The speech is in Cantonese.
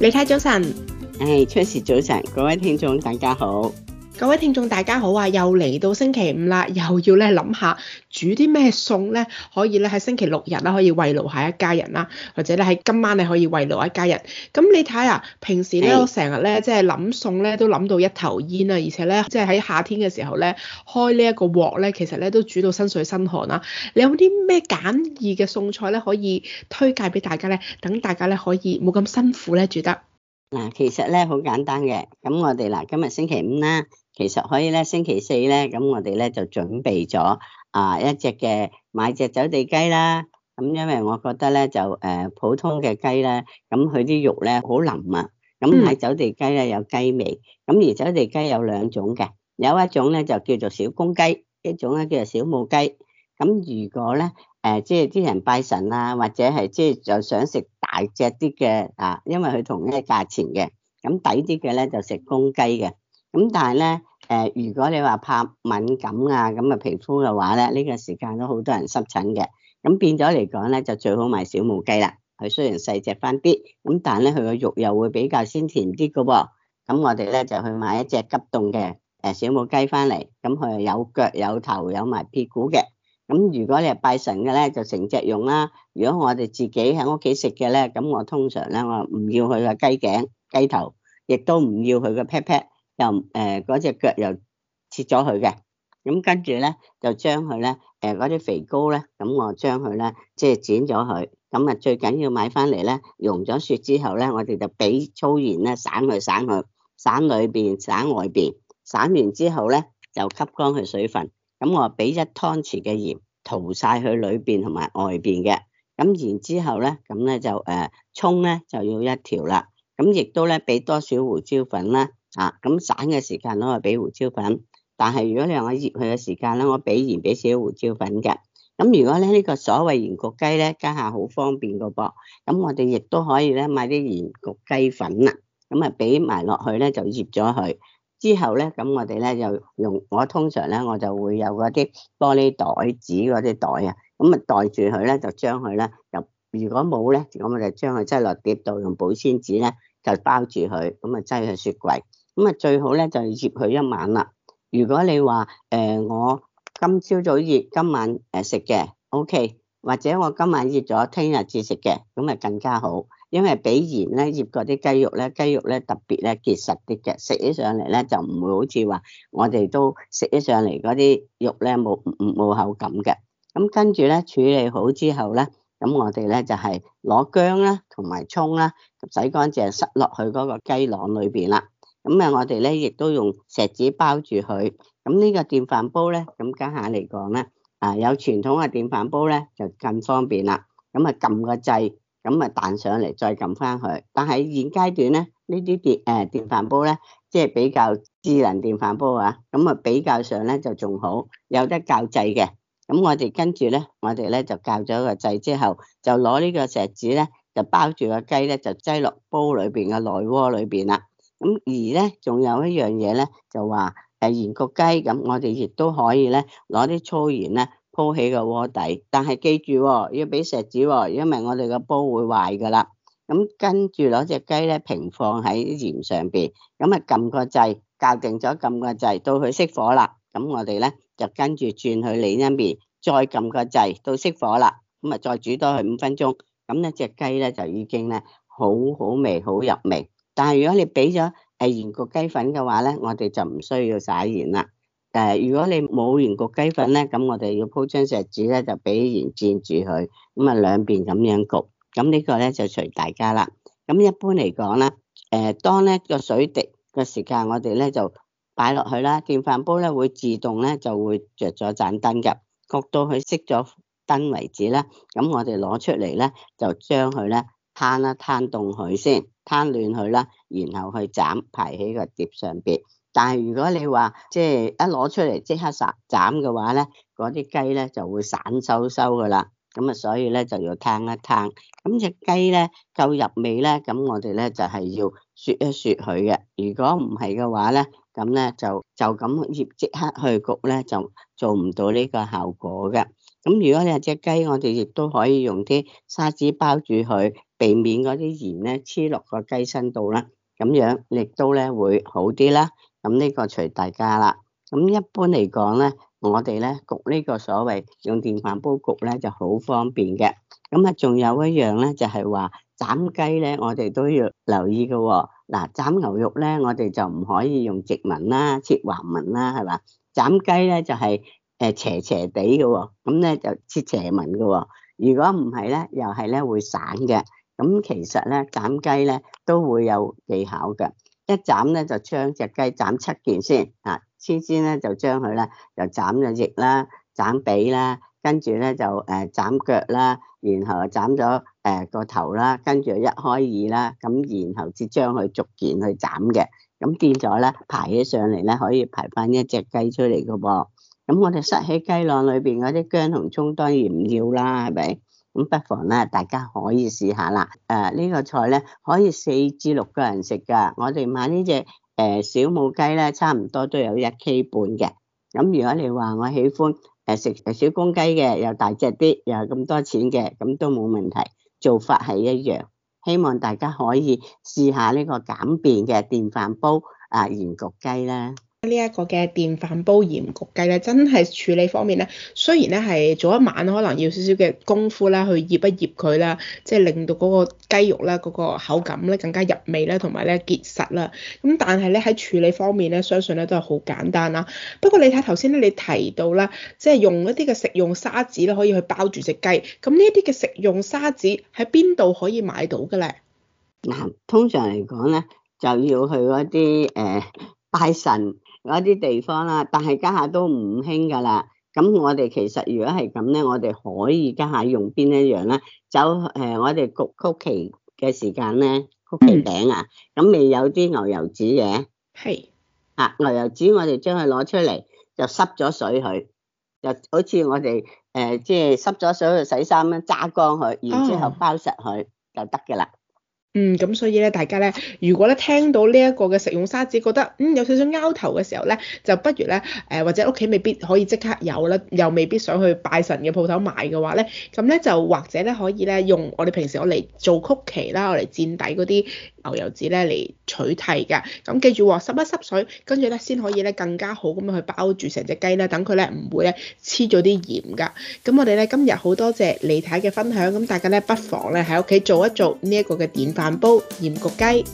李太早晨，誒 c h 早晨，各位聽眾大家好，各位聽眾大家好啊，又嚟到星期五啦，又要咧諗下。煮啲咩餸咧，可以咧喺星期六日啦，可以慰勞下一家人啦，或者咧喺今晚你可以慰勞一家人。咁你睇下啊，平時咧我成日咧即係諗餸咧都諗到一頭煙啊，而且咧即係喺夏天嘅時候咧，開呢一個鑊咧，其實咧都煮到身水身汗啦。你有啲咩簡易嘅餸菜咧，可以推介俾大家咧，等大家咧可以冇咁辛苦咧煮得？嗱，其實咧好簡單嘅，咁我哋嗱今日星期五啦。其實可以咧，星期四咧，咁我哋咧就準備咗啊一隻嘅買隻走地雞啦。咁因為我覺得咧就誒、呃、普通嘅雞咧，咁佢啲肉咧好腍啊。咁買走地雞咧有雞味。咁而走地雞有兩種嘅，有一種咧就叫做小公雞，一種咧叫做小母雞。咁如果咧誒、呃、即係啲人拜神啊，或者係即係就想食大隻啲嘅啊，因為佢同一個價錢嘅，咁抵啲嘅咧就食公雞嘅。咁但係咧。誒，如果你話怕敏感啊，咁啊皮膚嘅話咧，呢個時間都好多人濕疹嘅，咁變咗嚟講咧，就最好買小母雞啦。佢雖然細隻翻啲，咁但係咧，佢個肉又會比較鮮甜啲嘅喎。咁我哋咧就去買一隻急凍嘅誒小母雞翻嚟，咁佢有腳有頭有埋屁股嘅。咁如果你係拜神嘅咧，就成隻用啦。如果我哋自己喺屋企食嘅咧，咁我通常咧我唔要佢嘅雞頸、雞頭，亦都唔要佢嘅 pat pat。又誒嗰隻腳又切咗佢嘅，咁跟住咧就將佢咧誒嗰啲肥膏咧，咁我將佢咧即係剪咗佢，咁啊最緊要買翻嚟咧溶咗雪之後咧，我哋就俾粗鹽咧散去散去，散裏邊散，散外邊，散完之後咧就吸乾佢水分，咁我啊俾一湯匙嘅鹽塗晒佢裏邊同埋外邊嘅，咁然之後咧咁咧就誒葱咧就要一條啦，咁亦都咧俾多少胡椒粉啦。啊，咁散嘅時間我係俾胡椒粉，但係如果你讓我醃佢嘅時間咧，我俾鹽俾少胡椒粉嘅。咁如果咧呢個所謂鹽焗雞咧，家下好方便個噃，咁我哋亦都可以咧買啲鹽焗雞粉啦，咁啊俾埋落去咧就醃咗佢。之後咧咁我哋咧就用我通常咧我就會有嗰啲玻璃袋子嗰啲袋啊，咁啊袋住佢咧就將佢咧又如果冇咧，咁我就將佢擠落碟度用保鮮紙咧就包住佢，咁啊擠去雪櫃。咁啊，最好咧就腌佢一晚啦。如果你話誒、呃、我今朝早腌，今晚誒食嘅，O K。或者我今晚腌咗，聽日至食嘅，咁啊更加好，因為畀鹽咧醃嗰啲雞肉咧，雞肉咧特別咧結實啲嘅，食起上嚟咧就唔會好似話我哋都食起上嚟嗰啲肉咧冇冇冇口感嘅。咁跟住咧處理好之後咧，咁我哋咧就係攞薑啦同埋葱啦洗乾淨，塞落去嗰個雞囊裏邊啦。咁啊，我哋咧亦都用錫紙包住佢。咁呢個電飯煲咧，咁家下嚟講咧，啊有傳統嘅電飯煲咧就更方便啦。咁啊，撳個掣，咁啊彈上嚟，再撳翻佢。但係現階段咧，呢啲電誒、呃、電飯煲咧，即係比較智能電飯煲啊，咁啊比較上咧就仲好，有得較掣嘅。咁我哋跟住咧，我哋咧就較咗個掣之後，就攞呢個錫紙咧，就包住個雞咧，就擠落煲裏邊嘅內鍋裏邊啦。咁而咧，仲有一樣嘢咧，就話誒鹽焗雞咁，我哋亦都可以咧攞啲粗鹽咧鋪起個鍋底，但係記住喎、哦，要俾錫紙喎、哦，因為我哋個煲會壞噶啦。咁跟住攞隻雞咧平放喺鹽上邊，咁啊撳個掣，校定咗撳個掣，到佢熄火啦。咁我哋咧就跟住轉去另一邊，再撳個掣，到熄火啦。咁啊再煮多佢五分鐘，咁呢隻雞咧就已經咧好好味，好入味。但係如果你俾咗誒鹽焗雞粉嘅話咧，我哋就唔需要灑鹽啦。誒，如果你冇鹽焗雞粉咧，咁我哋要鋪張錫紙咧，就俾鹽漬住佢。咁啊兩邊咁樣焗。咁呢個咧就隨大家啦。咁一般嚟講咧，誒當咧個水滴嘅時間，我哋咧就擺落去啦。電飯煲咧會自動咧就會著咗盞燈㗎。焗到佢熄咗燈為止咧，咁我哋攞出嚟咧就將佢咧攤一攤凍佢先。攤亂佢啦，然後去斬排喺個碟上邊。但係如果你話即係一攞出嚟即刻殺斬嘅話咧，嗰啲雞咧就會散收收噶啦。咁啊，所以咧就要攤一攤。咁隻雞咧夠入味咧，咁我哋咧就係要雪一雪佢嘅。如果唔係嘅話咧，咁咧就就咁熱即刻去焗咧，就做唔到呢個效果嘅。咁如果你係隻雞，我哋亦都可以用啲砂紙包住佢。避免嗰啲鹽咧黐落個雞身度啦，咁樣亦都咧會好啲啦。咁呢個隨大家啦。咁一般嚟講咧，我哋咧焗呢個所謂用電飯煲焗咧就好方便嘅。咁啊，仲有一樣咧，就係話斬雞咧，我哋都要留意嘅。嗱，斬牛肉咧，我哋就唔可以用直紋啦，切橫紋啦，係嘛？斬雞咧就係誒斜斜地㗎喎，咁咧就切斜，斜紋㗎喎。如果唔係咧，又係咧會散嘅。咁其實咧斬雞咧都會有技巧嘅，一斬咧就將隻雞斬七件先啊，先先咧就將佢咧就斬咗翼啦、斬髀啦，跟住咧就誒斬腳啦，然後又斬咗誒個頭啦，跟住一開二啦，咁然後至將佢逐件去斬嘅，咁變咗咧排起上嚟咧可以排翻一隻雞出嚟噶噃，咁我哋塞喺雞籠裏邊嗰啲薑同葱當然唔要啦，係咪？咁不妨咧，大家可以試下啦。誒、啊、呢個菜咧，可以四至六個人食㗎。我哋買呢隻誒小母雞咧，差唔多都有一 K 半嘅。咁如果你話我喜歡誒食小公雞嘅，又大隻啲，又咁多錢嘅，咁都冇問題。做法係一樣，希望大家可以試下呢個簡便嘅電飯煲啊鹽焗雞啦。呢一個嘅電飯煲鹽焗雞咧，真係處理方面咧，雖然咧係早一晚可能要少少嘅功夫啦，去醃一醃佢啦，即係令到嗰個雞肉咧，嗰個口感咧更加入味咧，同埋咧結實啦。咁但係咧喺處理方面咧，相信咧都係好簡單啦。不過你睇頭先咧，你提到啦，即係用一啲嘅食用砂紙咧，可以去包住隻雞。咁呢啲嘅食用砂紙喺邊度可以買到嘅咧？嗱，通常嚟講咧，就要去嗰啲誒拜神。嗰啲地方啦，但係家下都唔興噶啦。咁我哋其實如果係咁咧，我哋可以家下用邊一樣咧？走誒、呃，我哋焗曲奇嘅時間咧，曲奇餅啊，咁未有啲牛油紙嘅，係吓是、啊、牛油紙，我哋將佢攞出嚟，就濕咗水佢，就好似我哋誒，即係濕咗水去洗衫咁，揸乾佢，然之後包實佢，嗯、就得噶啦。嗯，咁所以咧，大家咧，如果咧聽到呢一個嘅食用砂紙，覺得嗯有少少拗頭嘅時候咧，就不如咧，誒、呃、或者屋企未必可以即刻有啦，又未必想去拜神嘅鋪頭買嘅話咧，咁咧就或者咧可以咧用我哋平時用嚟做曲奇啦，用嚟墊底嗰啲牛油紙咧嚟取替嘅，咁記住喎、哦，濕一濕水，跟住咧先可以咧更加好咁樣去包住成隻雞啦。等佢咧唔會咧黐咗啲鹽㗎。咁我哋咧今日好多謝李太嘅分享，咁大家咧不妨咧喺屋企做一做呢一個嘅電飯煲鹽焗雞。